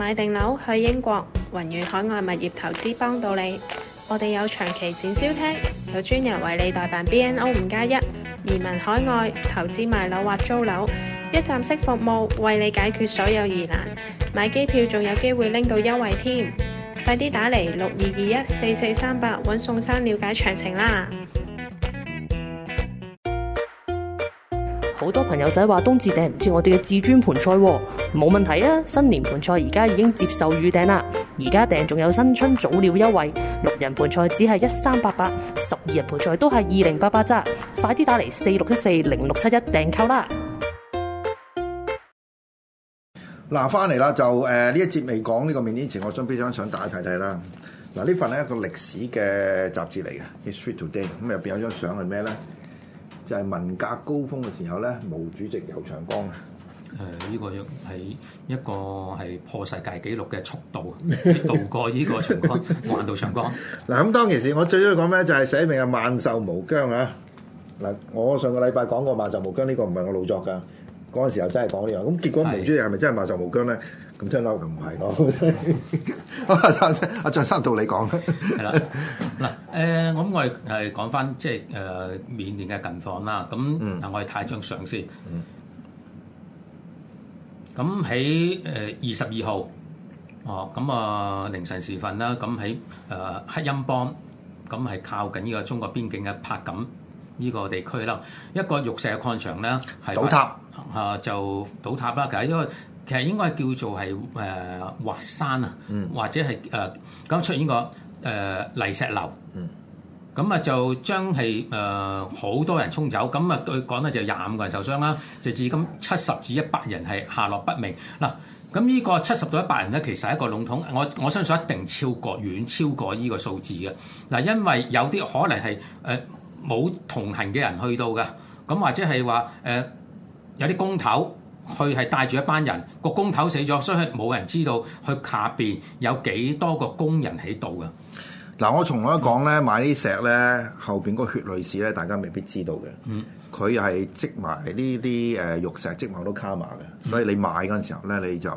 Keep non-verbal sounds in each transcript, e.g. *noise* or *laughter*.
買定樓去英國，宏遠海外物業投資幫到你。我哋有長期展銷廳，有專人為你代辦 BNO 五加一移民海外投資買樓或租樓，一站式服務為你解決所有疑難。買機票仲有機會拎到優惠添，快啲打嚟六二二一四四三八揾宋生了解詳情啦。好多朋友仔話冬至訂唔切我哋嘅至尊盆菜。冇問題啊！新年盆菜而家已經接受預訂啦，而家訂仲有新春早鳥優惠，六人盆菜只係一三八八，十二人盆菜都係二零八八咋，快啲打嚟四六一四零六七一訂購啦！嗱，翻嚟啦，就誒呢、呃、一節未講呢個面展前，我想俾張相大家睇睇啦。嗱，呢份係一個歷史嘅雜誌嚟嘅，History Today，咁入邊有張相係咩咧？就係、是、文革高峰嘅時候咧，毛主席游長江啊！誒呢個係一個係破世界紀錄嘅速度，渡過呢個長江，橫渡長江。嗱咁當其時，我最中意講咩就係寫明啊萬壽無疆啊！嗱，我上個禮拜講過萬壽無疆，呢個唔係我老作噶，嗰陣時候真係講呢樣。咁結果毛主席係咪真係萬壽無疆咧？咁真係嬲佢唔係咯。阿張三同你講啦，係啦。嗱誒，咁我係講翻即係誒緬甸嘅近況啦。咁嗱，我係睇張相先。咁喺誒二十二號，哦咁啊凌晨時分啦，咁喺誒黑音邦，咁係靠近呢個中國邊境嘅帕錦呢個地區啦，一個玉石礦場咧係倒塌啊，啊就倒塌啦，咁因為其實應該係叫做係誒、啊、滑山、嗯、啊，或者係誒咁出現個誒、啊、泥石流。嗯咁啊就將係好多人沖走，咁啊對講咧就廿五個人受傷啦，就至今七十至一百人係下落不明嗱。咁呢個七十到一百人咧，其實係一個籠統，我我相信一定超過遠，遠超過呢個數字嘅嗱。因為有啲可能係冇同行嘅人去到㗎。咁或者係話有啲工頭去係帶住一班人，個工頭死咗，所以冇人知道佢下面有幾多個工人喺度嘅。嗱、啊，我從來一講咧，買石呢石咧，後面嗰血淚史咧，大家未必知道嘅。佢又係積埋呢啲誒玉石，積埋都卡碼嘅。所以你買嗰陣時候咧，你就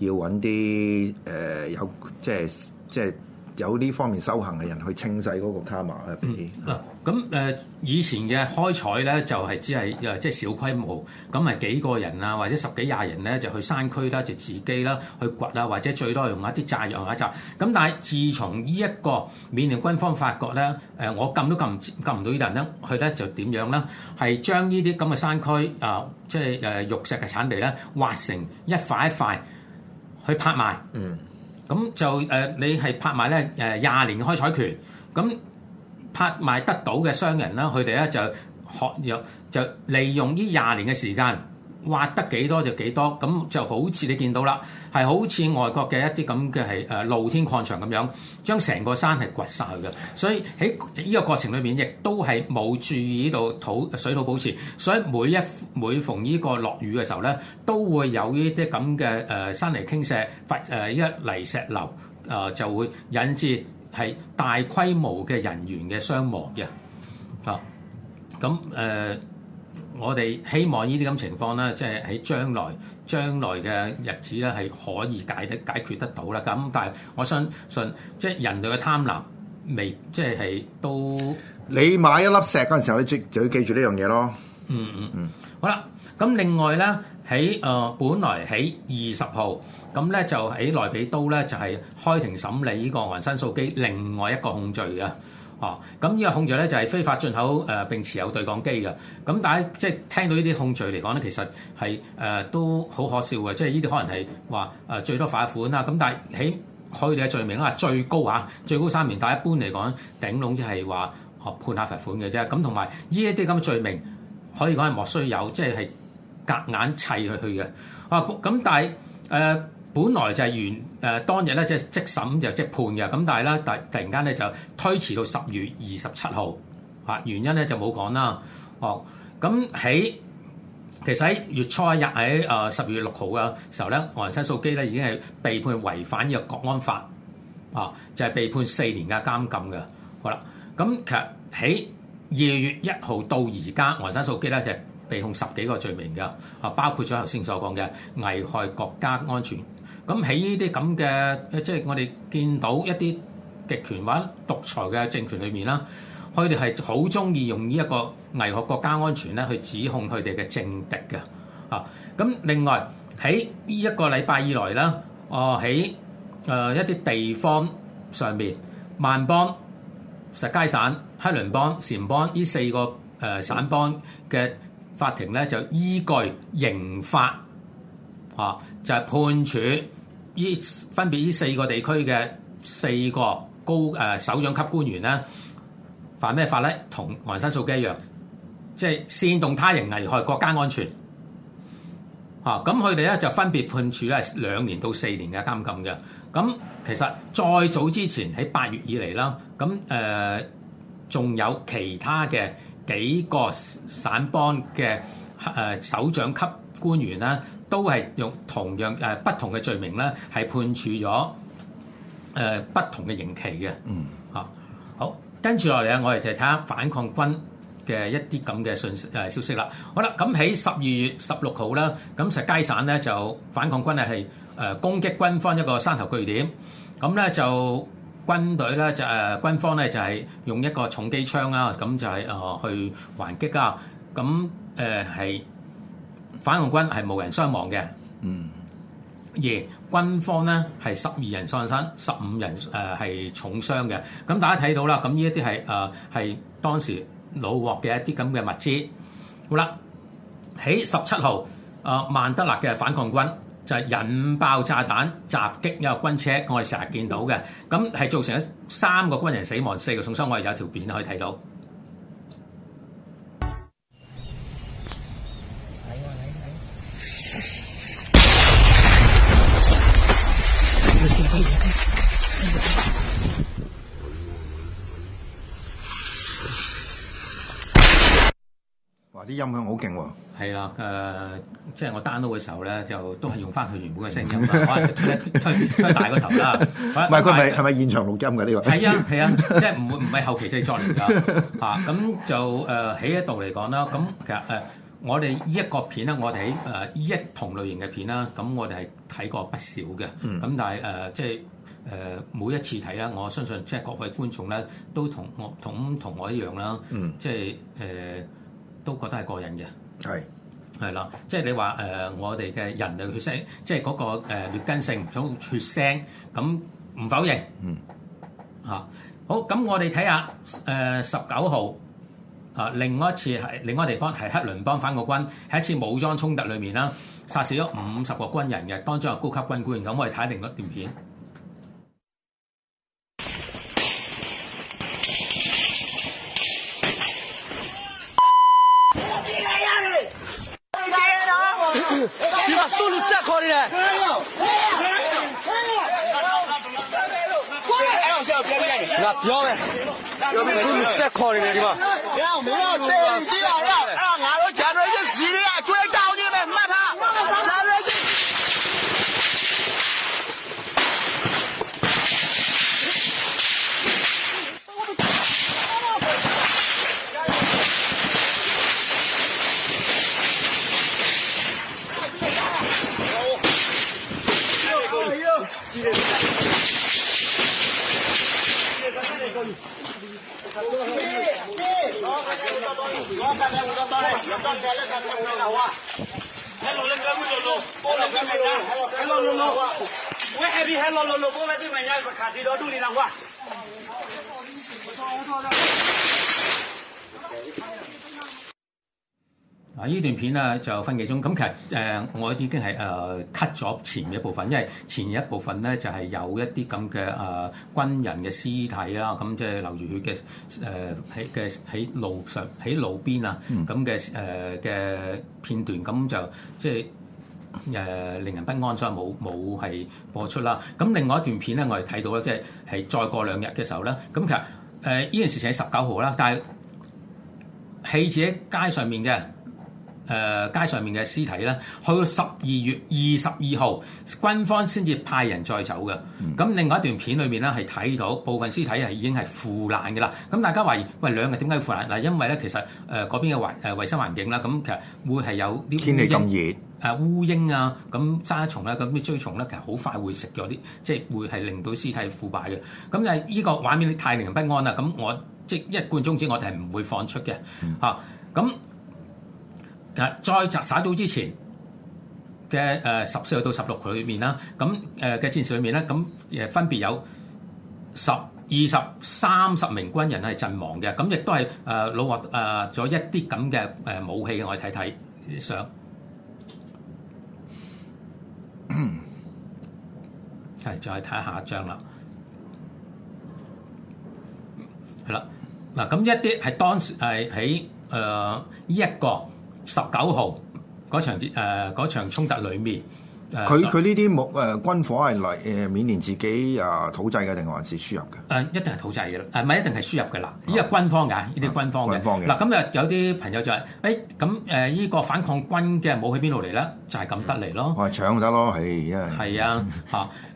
要揾啲誒有即係即係。有呢方面修行嘅人去清洗嗰個卡瑪咧。嗱、嗯，咁誒、呃、以前嘅開採咧就係、是、只係即係小規模，咁係幾個人啊或者十幾廿人咧就去山區啦，就自己啦去掘啊，或者最多用一啲炸藥或炸。咁但係自從呢一個緬甸軍方發覺咧，誒、呃、我禁都禁唔禁唔到呢啲人咧，佢咧就點樣咧？係將呢啲咁嘅山區啊，即係誒玉石嘅產地咧，挖成一塊一塊去拍賣。嗯。咁就誒，你係拍賣咧誒廿年嘅開採權，咁拍賣得到嘅商人啦，佢哋咧就學又就利用呢廿年嘅時間，挖得幾多就幾多，咁就好似你見到啦，係好似外國嘅一啲咁嘅係誒露天礦場咁樣，將成個山係掘晒佢嘅，所以喺呢個過程裏面，亦都係冇注意到土水土保持，所以每一每逢呢個落雨嘅時候咧，都會有呢啲咁嘅誒山泥傾瀉，發誒一泥石流，誒就會引致係大規模嘅人員嘅傷亡嘅，啊，咁、呃、誒。我哋希望呢啲咁情況咧，即係喺將來將來嘅日子咧，係可以解得解決得到啦。咁但係我相信，即係人類嘅貪婪未，即係係都你買一粒石嗰陣時候，你即就要記住呢樣嘢咯。嗯嗯嗯，好啦。咁另外咧，喺誒本來喺二十號，咁咧就喺內比都咧，就係開庭審理呢個昂山素姬另外一個控罪嘅。哦，咁呢個控罪咧就係非法進口誒並持有對講機嘅，咁但係，即係聽到呢啲控罪嚟講咧，其實係誒、呃、都好可笑嘅，即係呢啲可能係話最多罰款啦，咁但係起佢哋嘅罪名啊係最高啊最高三年，但一般嚟講頂籠即係話判下罰款嘅啫，咁同埋呢一啲咁嘅罪名可以講係莫須有，即係係夾硬砌佢去嘅，啊、嗯、咁但係、呃本來就係原誒、呃、當日咧，即、就、係、是、即審就是、即判嘅，咁但係咧突突然間咧就推遲到十月二十七號，啊原因咧就冇講啦。哦，咁喺其實喺月初一日喺誒十二月六號嘅時候咧，昂山素姬咧已經係被判違反《呢個國安法》啊，就係、是、被判四年嘅監禁嘅。好啦，咁其實喺二月一號到而家，昂山素姬咧就係、是、被控十幾個罪名嘅，啊包括咗頭先所講嘅危害國家安全。咁喺呢啲咁嘅，即係我哋見到一啲極權或者獨裁嘅政權裏面啦，佢哋係好中意用呢一個危害國家安全咧去指控佢哋嘅政敵嘅。啊，咁另外喺呢一個禮拜以來啦，我喺誒一啲地方上面，孟邦、實皆省、克倫邦、撣邦呢四個誒省邦嘅法庭咧，就依據刑法。啊！就係、是、判處依分別依四個地區嘅四個高誒、啊、首長級官員咧，犯咩法咧？同黃生素記一樣，即係煽動他人危害國家安全。啊！咁佢哋咧就分別判處咧兩年到四年嘅監禁嘅。咁、啊、其實再早之前喺八月以嚟啦，咁誒仲有其他嘅幾個省邦嘅誒、啊、首長級。官員啦，都係用同樣誒不同嘅罪名咧，係判處咗誒、呃、不同嘅刑期嘅。嗯，嚇、啊、好，跟住落嚟咧，我哋就睇下反抗軍嘅一啲咁嘅信息誒消息啦。好啦，咁喺十二月十六號啦，咁實皆省咧就反抗軍咧係誒攻擊軍方一個山頭據點，咁咧就軍隊咧就誒、呃、軍方咧就係用一個重機槍啊，咁就係、是、誒、呃、去還擊啊，咁誒係。呃反抗軍係無人傷亡嘅、嗯，而軍方咧係十二人喪生，十五人誒係、呃、重傷嘅。咁大家睇到啦，咁呢一啲係誒係當時擄獲嘅一啲咁嘅物資。好啦，喺十七號，誒、呃、曼德勒嘅反抗軍就係引爆炸彈襲擊一個軍車，我哋成日見到嘅，咁係造成三個軍人死亡，四個重傷。我哋有一條片可以睇到。啲音響好勁喎，係啊，呃、即係我 download 嘅時候咧，就都係用翻佢原本嘅聲音的，可 *laughs* 能推推，推大個頭啦。唔係佢係係咪現場錄音㗎？呢個係啊係啊，啊啊 *laughs* 即係唔會唔係後期製作嚟㗎嚇。咁、 *laughs* 啊、就誒喺一度嚟講啦。咁、呃、其實誒、呃，我哋呢一個片咧，我哋喺誒呢一同類型嘅片啦。咁我哋係睇過不少嘅。咁、嗯、但係誒、呃，即係誒、呃、每一次睇啦，我相信即係各位觀眾咧，都同我同同，同我一樣啦。即係誒。呃都覺得係過癮嘅，係係啦，即係你話誒、呃，我哋嘅人類血腥，即係嗰、那個誒、呃、劣根性想血腥，咁唔否認，嗯嚇、啊、好，咁我哋睇下誒十九號啊，另外一次係另外一個地方係克倫邦反國軍喺一次武裝衝突裏面啦，殺死咗五十個軍人嘅當中有高級軍官，咁我哋睇另一段片。多助力啦，我啊，呢段片啊，就分幾鍾。咁其實誒、呃，我已經係誒 cut 咗前嘅一部分，因為前一部分咧就係有一啲咁嘅誒軍人嘅屍體啦，咁即係流住血嘅誒喺嘅喺路上喺路邊啊，咁嘅誒嘅片段，咁就即係。就是誒令人不安，所以冇冇係播出啦。咁另外一段片咧，我哋睇到咧，即係係再過兩日嘅時候咧。咁其實誒呢件事情喺十九號啦，但係棄置喺街上面嘅。誒、呃、街上面嘅屍體咧，去到十二月二十二號，軍方先至派人再走嘅。咁、嗯、另外一段片裏面咧，係睇到部分屍體係已經係腐爛㗎啦。咁大家懷疑，喂，兩個點解腐爛？嗱，因為咧，其實誒嗰、呃、邊嘅環衞生環境啦，咁其實會係有啲烏蠅啊、天氣咁熱、烏蠅啊、咁沙蟲啦、咁啲追蟲咧，其實好快會食咗啲，即、就、係、是、會係令到屍體腐敗嘅。咁就係呢個畫面太令人不安啦。咁我即、就是、一貫宗旨，我哋係唔會放出嘅。咁、嗯。啊再在殺早之前嘅誒十四號到十六號裏面啦，咁誒嘅戰事裏面咧，咁誒分別有十二、十三、十名軍人係陣亡嘅，咁亦都係誒攞獲誒咗一啲咁嘅誒武器嘅，我哋睇睇相。係再睇下，下一張啦，係啦，嗱咁一啲係當時係喺誒呢一個。十九號嗰場節、呃、嗰場衝突裏面。佢佢呢啲冇誒軍火係嚟誒緬甸自己啊土製嘅定還是輸入嘅？誒一定係土製嘅啦，誒唔係一定係輸入嘅啦。呢個軍方㗎呢啲軍方嘅。嗱咁啊，方啊有啲朋友就係誒咁誒呢個反抗軍嘅武器喺邊度嚟咧？就係、是、咁得嚟咯。我、啊、搶得咯，係係啊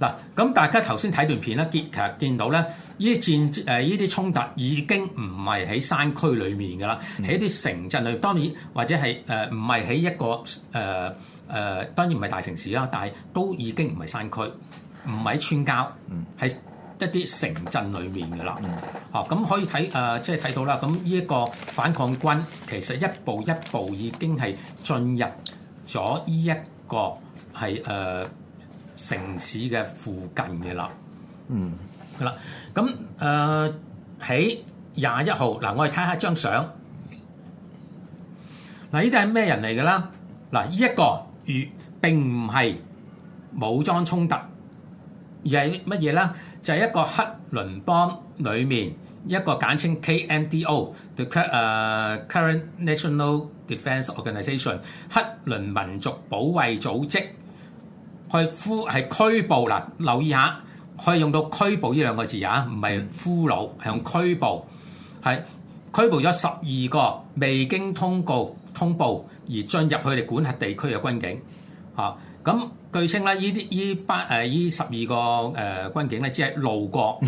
嗱咁、 *laughs* 啊、大家頭先睇段片呢見其實見到咧呢啲戰誒呢啲衝突已經唔係喺山區裏面嘅啦，喺啲城鎮裏，當然或者係誒唔係喺一個、呃誒、呃、當然唔係大城市啦，但係都已經唔係山區，唔係村郊，喺一啲城鎮裏面嘅啦。嚇、嗯、咁、啊、可以睇誒，即係睇到啦。咁呢一個反抗軍其實一步一步已經係進入咗呢一個係誒、呃、城市嘅附近嘅啦。嗯，好、嗯、啦，咁誒喺廿一號嗱，我哋睇下張相。嗱、呃，呢啲係咩人嚟嘅啦？嗱、呃，呢、一個。與並唔係武裝衝突，而係乜嘢咧？就係一個克倫邦裡面一個簡稱 KNDO，the Karen National Defence Organisation，克倫民族保衞組織，去俘係拘捕嗱。留意下，可以用到拘捕呢兩個字啊，唔係俘虜，係用拘捕，係拘捕咗十二個未經通告通報。而進入佢哋管轄地區嘅軍警，嚇咁據稱咧，依啲依班誒依十二個誒軍警咧，只係路過，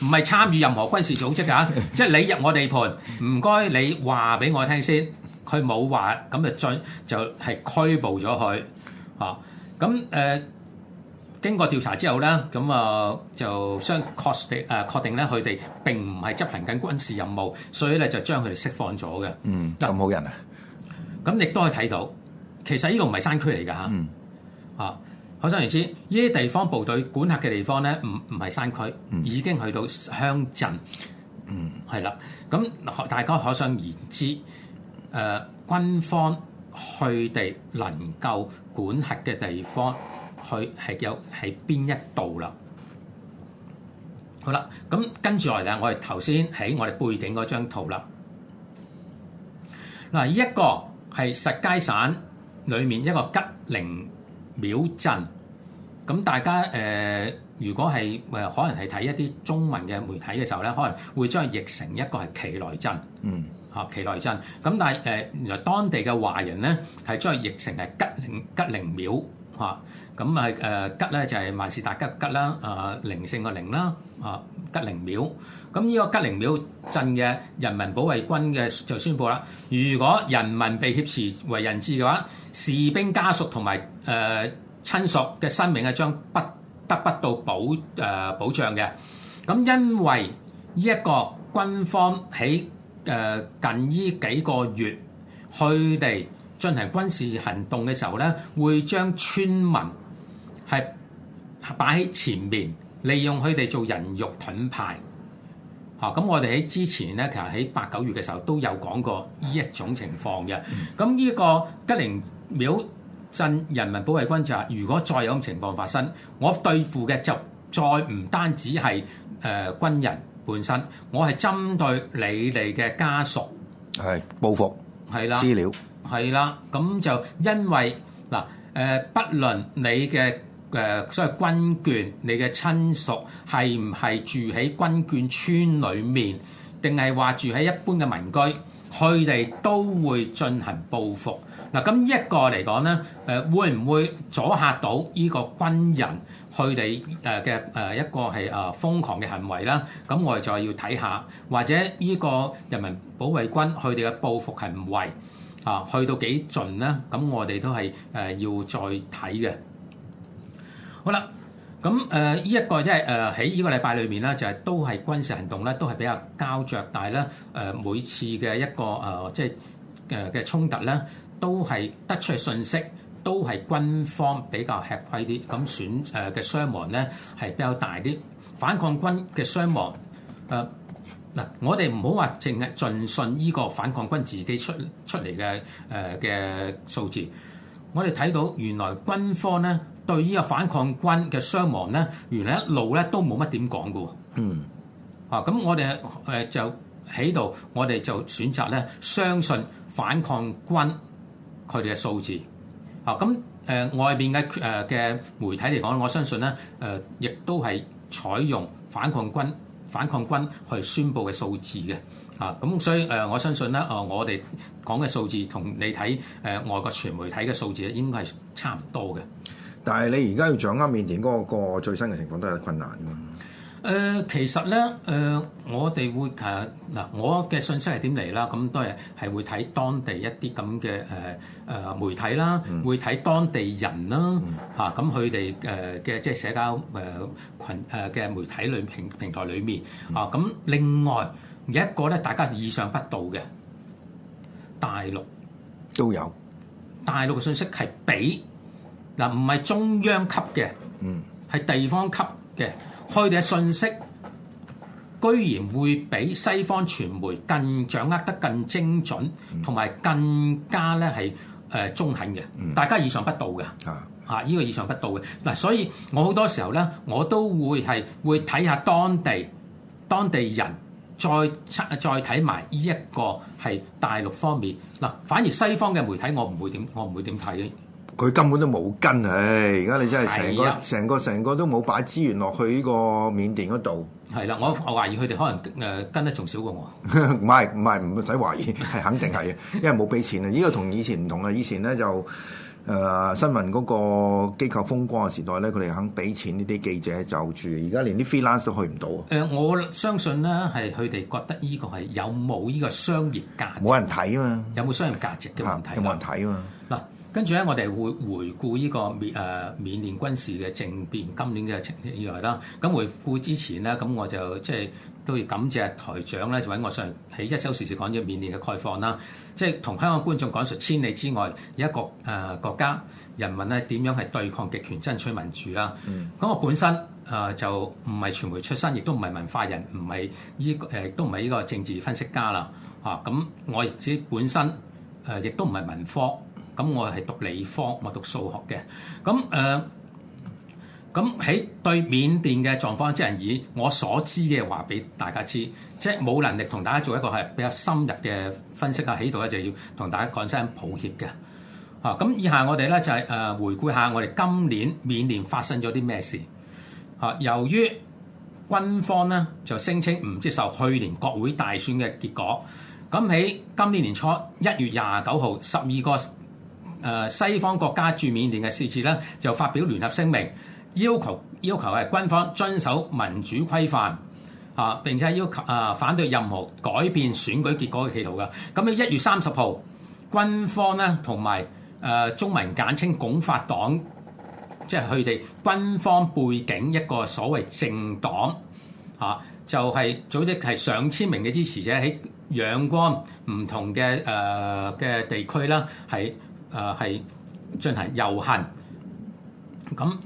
唔係參與任何軍事組織嘅 *laughs* 即係你入我地盤，唔該你話俾我聽先。佢冇話，咁就進就係、是、拘捕咗佢，嚇咁誒。經過調查之後咧，咁啊就相確定誒確定咧，佢哋並唔係執行緊軍事任務，所以咧就將佢哋釋放咗嘅。嗯，咁冇人啊。咁亦都可以睇到，其實呢個唔係山區嚟㗎嚇。啊，可想而知，呢啲地方部隊管轄嘅地方咧，唔唔係山區、嗯，已經去到鄉鎮。嗯，係啦。咁大家可想而知，誒、呃、軍方佢哋能夠管轄嘅地方，佢係有喺邊一度啦？好啦，咁跟住落嚟咧，我哋頭先喺我哋背景嗰張圖啦。嗱、啊，呢一個。係石階省裏面一個吉寧廟鎮，咁大家、呃、如果係誒、呃、可能係睇一啲中文嘅媒體嘅時候咧，可能會將佢譯成一個係奇來鎮，嗯，嚇奇來鎮，咁但係、呃、原來當地嘅華人咧係將佢譯成係吉寧吉寧廟。嚇，咁咪誒吉咧就係萬事達吉吉啦，啊零勝個零靈勝個靈啦，啊吉靈廟。咁呢個吉靈廟鎮嘅人民保衛軍嘅就宣佈啦，如果人民被挾持為人質嘅話，士兵家屬同埋誒親屬嘅生命啊將不得不到保誒保障嘅。咁因為呢一個軍方喺誒近呢幾個月佢哋進行軍事行動嘅時候咧，會將村民係擺喺前面，利用佢哋做人肉盾牌。嚇，咁，我哋喺之前咧，其實喺八九月嘅時候都有講過呢一種情況嘅。咁呢個吉林廟鎮人民保衞軍就係、是，如果再有咁情況發生，我對付嘅就再唔單止係誒、呃、軍人本身，我係針對你哋嘅家屬，係報復係啦私了。係啦，咁就因為嗱，誒，不論你嘅所謂軍眷，你嘅親屬係唔係住喺軍眷村裏面，定係話住喺一般嘅民居，佢哋都會進行報復。嗱，咁一個嚟講咧，誒會唔會阻嚇到呢個軍人佢哋嘅一個係瘋狂嘅行為啦。咁我哋就要睇下，或者呢個人民保衛軍佢哋嘅報復行為。啊，去到幾盡咧？咁我哋都係誒、呃、要再睇嘅。好啦，咁誒呢一個即係誒喺呢個禮拜裏面咧，就係、是、都係軍事行動咧，都係比較膠着。但係咧誒每次嘅一個誒、呃、即係誒嘅衝突咧，都係得出嘅信息都係軍方比較吃虧啲，咁損誒嘅傷亡咧係比較大啲，反抗軍嘅傷亡誒。呃嗱，我哋唔好話淨係盡信呢個反抗軍自己出出嚟嘅誒嘅數字，我哋睇到原來軍方咧對呢個反抗軍嘅傷亡咧，原來一路咧都冇乜點講嘅喎。嗯。啊，咁我哋誒就喺度，我哋就選擇咧相信反抗軍佢哋嘅數字。啊，咁、呃、誒外邊嘅誒嘅媒體嚟講，我相信咧誒、呃、亦都係採用反抗軍。反抗軍去宣佈嘅數字嘅，啊，咁所以誒，我相信咧，哦，我哋講嘅數字同你睇誒外國傳媒睇嘅數字應該係差唔多嘅。但係你而家要掌握緬甸嗰個最新嘅情況都係困難㗎。誒、呃、其實咧，誒我哋會誒嗱，我嘅、啊、信息係點嚟啦？咁都係係會睇當地一啲咁嘅誒誒媒體啦，嗯、會睇當地人啦嚇，咁佢哋誒嘅即係社交誒羣誒嘅媒體裏平平台裏面、嗯、啊。咁另外有一個咧，大家意想不到嘅大陸都有，大陸嘅信息係俾嗱，啊、唔係中央級嘅，嗯，係地方級嘅。佢哋嘅信息居然會比西方傳媒更掌握得更精準，同埋更加咧係誒中肯嘅，大家意想不到嘅嚇，依、啊啊這個意想不到嘅嗱，所以我好多時候咧，我都會係會睇下當地當地人再出再睇埋呢一個係大陸方面嗱，反而西方嘅媒體我唔會點，我唔會點睇嘅。佢根本都冇跟，唉！而家你真係成個成個成個都冇擺資源落去呢個緬甸嗰度。係啦，我我懷疑佢哋可能、呃、跟得仲少過我。唔係唔係唔使懷疑，係 *laughs* 肯定係，因為冇俾錢啊！呢、呢個同以前唔同啊！以前咧就誒、呃、新聞嗰個機構風光嘅時代咧，佢哋肯俾錢呢啲記者就住。而家連啲 freelance 都去唔到、呃。我相信咧係佢哋覺得呢個係有冇呢個商業價值。冇人睇啊嘛！有冇商業價值嘅問題？冇人睇啊嘛！嗱。跟住咧，我哋會回顧呢個緬誒甸軍事嘅政變。今年嘅情以來啦，咁回顧之前咧，咁我就即係都要感謝台長咧，就喺我上喺一週時事講咗緬甸嘅概況啦。即係同香港觀眾講述千里之外有一個誒國家人民咧點樣係對抗極權爭取民主啦。咁我本身就唔係傳媒出身，亦都唔係文化人，唔係呢個誒，亦都唔係呢個政治分析家啦。吓咁，我自己本身亦都唔係文科，咁我係讀理科，我讀數學嘅。咁誒，咁、呃、喺對緬甸嘅狀況，即係以我所知嘅話，俾大家知，即係冇能力同大家做一個係比較深入嘅分析。喺度咧就要同大家講聲抱歉嘅嚇。咁、啊、以下我哋咧就係、是、誒、呃、回顧下我哋今年緬甸年發生咗啲咩事嚇、啊。由於軍方咧就聲稱唔接受去年國會大選嘅結果，咁喺今年年初一月廿九號十二個，誒西方國家駐緬甸嘅使節咧，就發表聯合聲明，要求要求係軍方遵守民主規範啊，並且要求啊反對任何改變選舉結果嘅企圖嘅。咁喺一月三十號，軍方咧同埋誒中文簡稱鞏發黨，即係佢哋軍方背景一個所謂政黨啊，就係、是、組織係上千名嘅支持者喺仰光唔同嘅誒嘅地區啦，係。誒係進行遊行，咁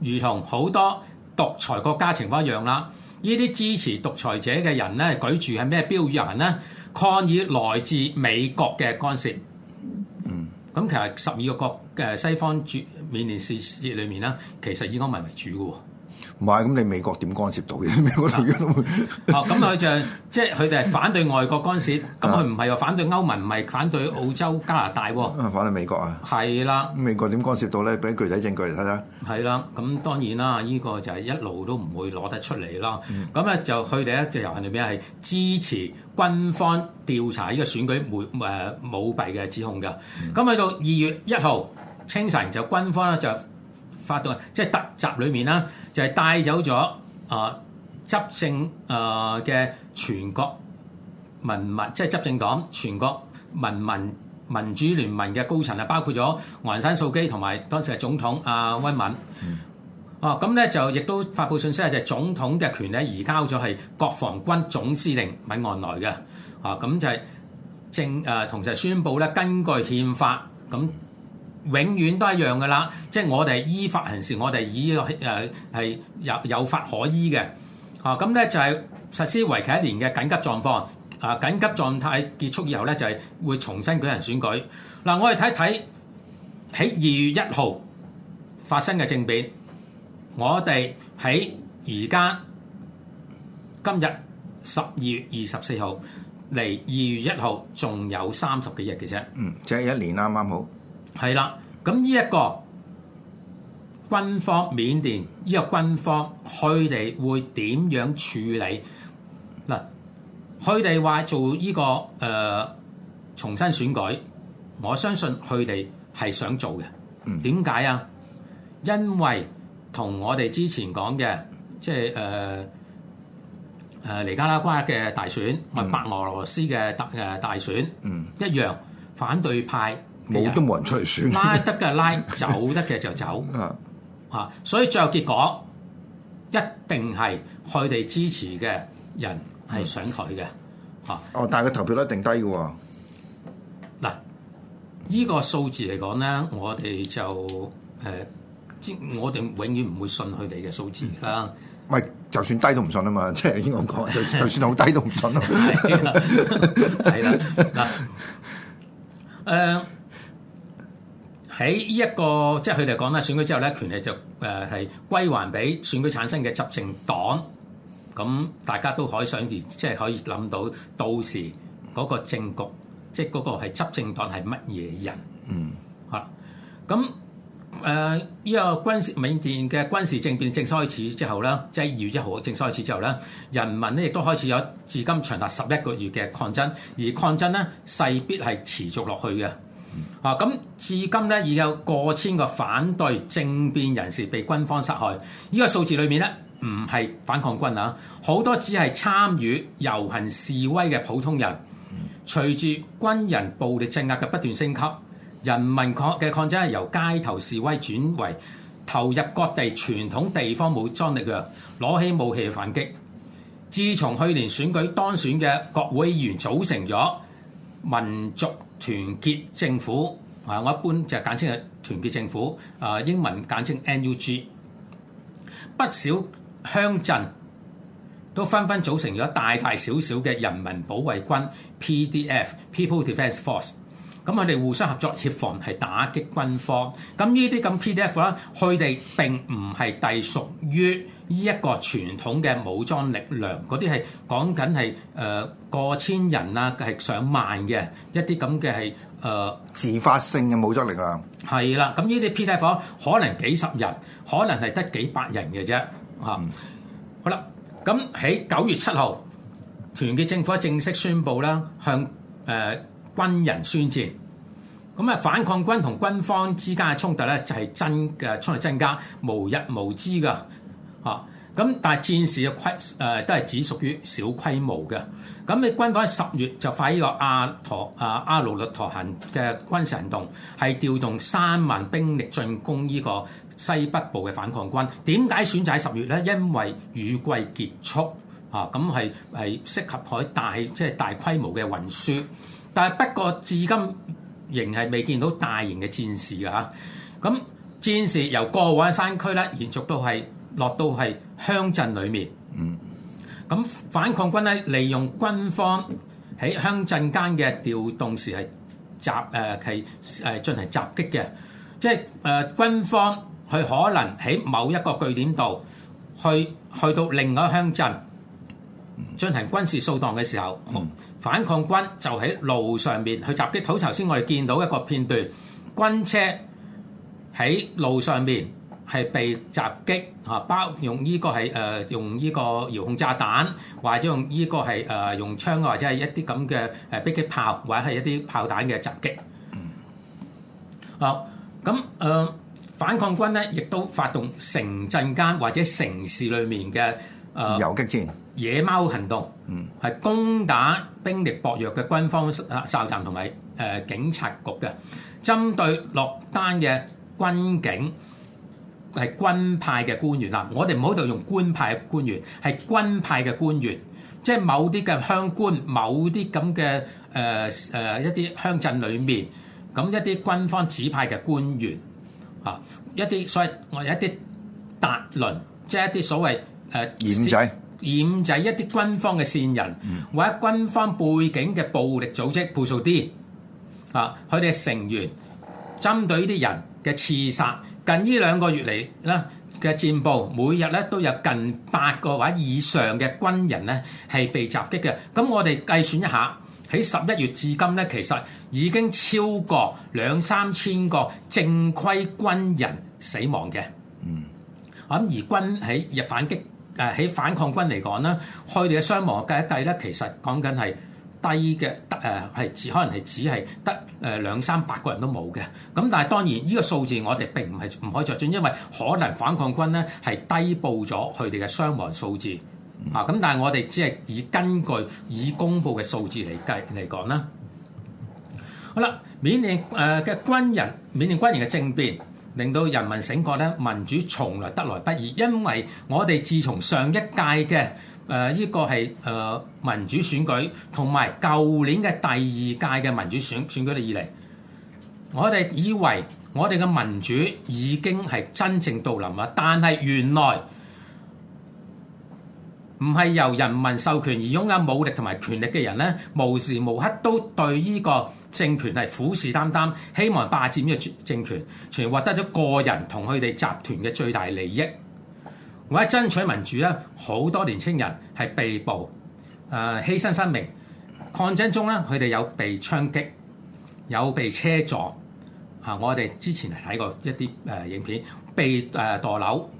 如同好多獨裁國家情況一樣啦。依啲支持獨裁者嘅人咧，舉住係咩標語人咧？抗議來自美國嘅干涉。嗯，咁其實十二個國嘅西方主美聯事業裏面啦，其實以歐美為主嘅喎。唔係，咁你美國點干涉到嘅？美國而家會哦，咁 *laughs* 佢、啊啊、就係、 *laughs* 即係佢哋係反對外國干涉，咁佢唔係話反對歐盟，唔係反對澳洲、加拿大喎。反對美國啊！係啦、啊啊，美國點干涉到咧？俾具體證據嚟睇下。係啦，咁當然啦，呢、呢個就係一路都唔會攞得出嚟啦。咁、嗯、咧就佢哋咧就由佢哋咩？係支持軍方調查呢個選舉冇誒舞弊嘅指控嘅。咁、嗯、去到二月一號清晨就軍方咧就。發動，即係突襲裏面啦，就係、是、帶走咗啊、呃、執政啊嘅、呃、全國民民，即係執政黨全國民民民主聯盟嘅高層啊，包括咗昂山素姬同埋當時係總統阿溫敏。哦、嗯，咁、啊、咧就亦都發佈信息，就係、是、總統嘅權力移交咗係國防軍總司令敏昂萊嘅。啊，咁就係政啊，同時係宣布咧，根據憲法咁。永遠都係一樣嘅啦，即係我哋依法行事，我哋以呢誒係有有法可依嘅。啊，咁咧就係實施為期一年嘅緊急狀況，啊，緊急狀態結束以後咧就係、是、會重新舉行選舉。嗱、啊，我哋睇睇喺二月一號發生嘅政變，我哋喺而家今日十二月二十四號嚟二月一號，仲有三十幾日嘅啫。嗯，即、就、係、是、一年啱啱好。係啦，咁呢一個軍方緬甸呢、呢個軍方，佢哋會點樣處理？嗱、呢個，佢哋話做呢個誒重新選舉，我相信佢哋係想做嘅。點解啊？嗯、因為同我哋之前講嘅，即係誒誒尼加拉瓜嘅大選，咪、嗯、白俄羅斯嘅特誒大選、嗯、一樣，反對派。冇都冇人出嚟選，拉得嘅拉，走得嘅就走。 *laughs* 啊，所以最後結果一定係佢哋支持嘅人係想佢嘅。嚇、啊，哦，但係個投票率一定低嘅喎、啊。嗱、啊，依、呢個數字嚟講咧，我哋就誒、呃，我哋永遠唔會信佢哋嘅數字啦、啊。唔係，就算低都唔信，就是、 *laughs* 信啊嘛 *laughs* 對了，即係點講？就算好低都唔信啊。係、啊、啦，嗱，誒。喺呢一個即係佢哋講啦，選舉之後咧，權力就誒係、呃、歸還俾選舉產生嘅執政黨。咁大家都可以想見，即係可以諗到到時嗰個政局，即係嗰個係執政黨係乜嘢人？嗯，嚇。咁誒呢個軍事緬甸嘅軍事政變正開始之後咧，即係二月一號正開始之後咧，人民咧亦都開始有至今長達十一個月嘅抗爭，而抗爭咧勢必係持續落去嘅。啊、嗯！咁至今咧已有過千個反對政變人士被軍方殺害，呢、呢個數字裏面咧唔係反抗軍啊，好多只係參與遊行示威嘅普通人。隨住軍人暴力鎮壓嘅不斷升級，人民抗嘅抗爭係由街頭示威轉為投入各地傳統地方武裝力量攞起武器反擊。自從去年選舉當選嘅國會議員組成咗民族團結政府啊！我一般就簡稱係團結政府啊，英文簡稱 N.U.G。不少鄉鎮都紛紛組成咗大大小小嘅人民保衞軍 （P.D.F. People Defense Force）。咁我哋互相合作協防係打擊軍方。咁呢啲咁 PDF 啦，佢哋並唔係隸屬於呢一個傳統嘅武裝力量。嗰啲係講緊係誒過千人啦，啊，係上萬嘅一啲咁嘅係誒自發性嘅武裝力量。係啦，咁呢啲 PDF 可能幾十人，可能係得幾百人嘅啫。嚇、嗯，好啦，咁喺九月七號，團結政府正式宣布啦，向誒。呃軍人宣戰咁啊！反抗軍同軍方之間嘅衝突咧，就係真嘅衝突增加，無日無之噶嚇。咁但係戰事嘅規誒、呃、都係只屬於小規模嘅。咁你軍方喺十月就發呢個阿陀啊阿魯勒陀行嘅軍事行動，係調動三萬兵力進攻呢個西北部嘅反抗軍。點解選擇喺十月咧？因為雨季結束啊，咁係係適合喺大即係、就是、大規模嘅運輸。但係不過至今仍係未見到大型嘅戰事㗎吓，咁戰事由過往嘅山區咧，延續到係落到係鄉鎮裏面。嗯，咁反抗軍咧，利用軍方喺鄉鎮間嘅調動時係襲誒係誒進行襲擊嘅，即係誒軍方佢可能喺某一個據點度去去到另外一鄉鎮進行軍事掃蕩嘅時候。反抗軍就喺路上面去襲擊。好，頭先我哋見到一個片段，軍車喺路上面係被襲擊嚇，包括用呢個係誒、呃、用呢個遙控炸彈，或者用呢個係誒、呃、用槍，或者係一啲咁嘅誒迫擊炮，或者係一啲炮彈嘅襲擊。嗯。咁、哦、誒、呃、反抗軍咧，亦都發動城鎮間或者城市裏面嘅。誒、呃，遊擊戰野貓行動，嗯，係攻打兵力薄弱嘅軍方哨站同埋誒警察局嘅，針對落單嘅軍警係軍派嘅官員啦。我哋唔好就用官派官員，係軍派嘅官員，即係某啲嘅鄉官，某啲咁嘅誒誒一啲鄉鎮裏面咁一啲軍方指派嘅官員啊，一啲所謂我有一啲達輪，即係一啲所謂。誒掩仔、掩仔一啲軍方嘅線人，嗯、或者軍方背景嘅暴力組織，數數啲啊！佢哋嘅成員針對呢啲人嘅刺殺，近呢兩個月嚟咧嘅戰報，每日咧都有近八個或者以上嘅軍人咧係被襲擊嘅。咁我哋計算一下，喺十一月至今咧，其實已經超過兩三千個正規軍人死亡嘅。嗯，咁而軍喺日反擊。誒喺反抗軍嚟講咧，佢哋嘅傷亡計一計咧，其實講緊係低嘅，得誒係只可能係只係得誒兩三百個人都冇嘅。咁但係當然呢個數字我哋並唔係唔可以作準，因為可能反抗軍咧係低報咗佢哋嘅傷亡數字啊。咁但係我哋只係以根據已公佈嘅數字嚟計嚟講啦。好啦，緬甸誒嘅軍人，緬甸軍人嘅政變。令到人民醒覺咧，民主從來得來不易，因為我哋自從上一屆嘅誒依個係民主選舉，同埋舊年嘅第二屆嘅民主選選舉以嚟，我哋以為我哋嘅民主已經係真正到臨啦，但係原來唔係由人民授權而擁有武力同埋權力嘅人咧，無時無刻都對呢、呢個。政權係虎視眈眈，希望霸佔呢個政權，從而獲得咗個人同佢哋集團嘅最大利益。為咗爭取民主咧，好多年青人係被捕，誒、呃、犧牲生命抗爭中咧，佢哋有被槍擊，有被車撞嚇、啊。我哋之前係睇過一啲誒、呃、影片，被誒、呃、墮樓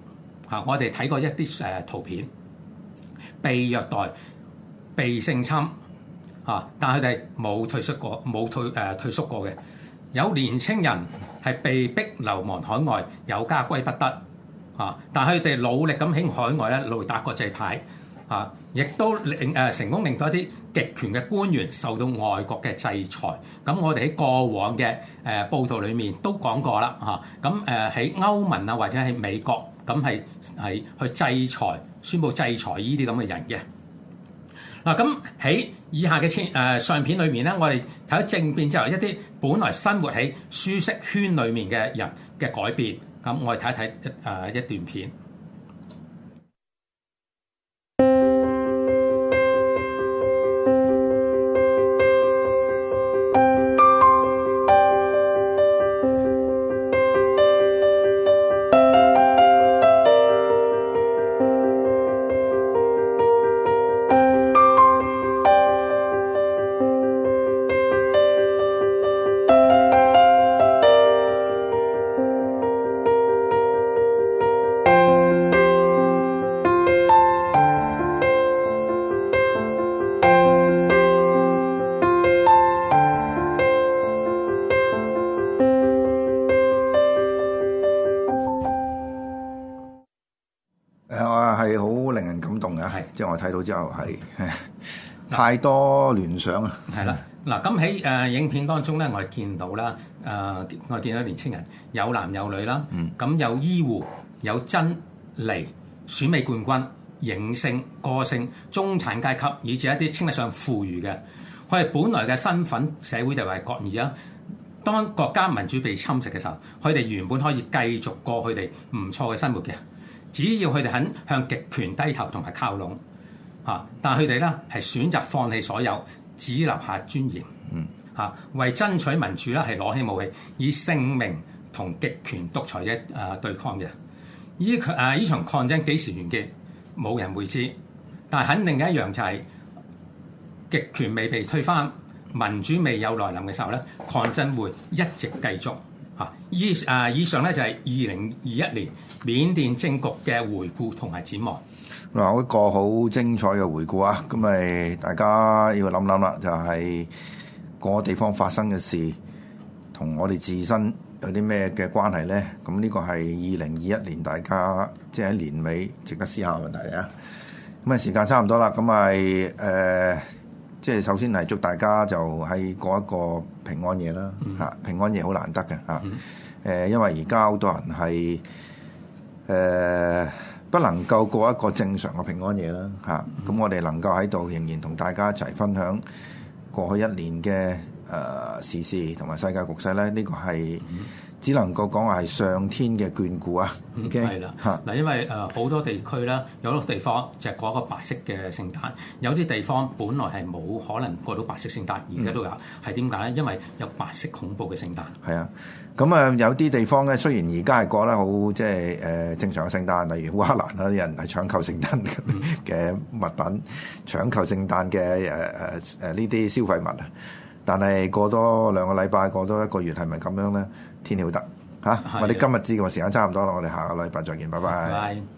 嚇、啊，我哋睇過一啲誒、呃、圖片，被虐待、被性侵。啊！但係佢哋冇退縮過，冇退誒退縮過嘅。有年青人係被逼流亡海外，有家歸不得。啊！但係佢哋努力咁喺海外咧，攞嚟打國際牌。啊！亦都令誒成功令到一啲極權嘅官員受到外國嘅制裁。咁我哋喺過往嘅誒報道裡面都講過啦。嚇！咁誒喺歐盟啊，或者喺美國，咁係係去制裁、宣布制裁呢啲咁嘅人嘅。咁喺以下嘅千相片裏面咧，我哋睇咗政變之後，一啲本來生活喺舒適圈裏面嘅人嘅改變。咁我哋睇睇一段片。睇到之後係太多聯想啊！係啦，嗱，咁喺影片當中咧，我哋見到啦，我見到年輕人有男有女啦，咁有醫護有真理、選美冠軍、影星、個性、中產階級，以至一啲稱得上富裕嘅，佢哋本來嘅身份、社會地位係各異啊。當國家民主被侵蝕嘅時候，佢哋原本可以繼續過佢哋唔錯嘅生活嘅，只要佢哋肯向極權低頭同埋靠攏。.嚇，但係佢哋咧，係選擇放棄所有，只留下尊嚴。嗯。嚇，為爭取民主咧，係攞起武器，以性命同極權獨裁者啊，對抗嘅。呢，啊，呢場抗爭幾時完結？冇人會知。但係肯定嘅一樣就係、是、極權未被推翻，民主未有來臨嘅時候咧，抗爭會一直繼續。嚇，依，啊，以上咧就係二零二一年緬甸政局嘅回顧同埋展望。嗱，一個好精彩嘅回顧啊！咁咪大家要諗諗啦，就係、是、個地方發生嘅事，同我哋自身有啲咩嘅關係咧？咁呢個係二零二一年，大家即係喺年尾值得思考嘅問題啊！咁啊，時間差唔多啦，咁咪誒，即、呃、係、就是、首先嚟祝大家就喺過一個平安夜啦嚇、嗯！平安夜好難得嘅嚇，誒、啊，因為而家好多人係誒。呃不能夠過一個正常嘅平安夜啦，咁、mm -hmm. 啊、我哋能夠喺度仍然同大家一齊分享過去一年嘅誒、呃、時事同埋世界局勢咧，呢、呢個係。Mm -hmm. 只能夠講話係上天嘅眷顧啊！係、嗯、啦，嗱、啊，因為好、呃、多地區啦，有啲地方就過一個白色嘅聖誕，有啲地方本來係冇可能過到白色聖誕，而家都有，係點解咧？因為有白色恐怖嘅聖誕。係、嗯、啊，咁啊、呃，有啲地方咧，雖然而家係過得好即係正常嘅聖誕，例如烏克蘭啦啲人係搶購聖誕嘅、嗯、 *laughs* 物品、搶購聖誕嘅呢啲消費物啊，但係過多兩個禮拜、過多一個月係咪咁樣咧？天曉得嚇，我哋今日知嘅喎，時間差唔多啦，我哋下個禮拜再見，拜拜。Bye.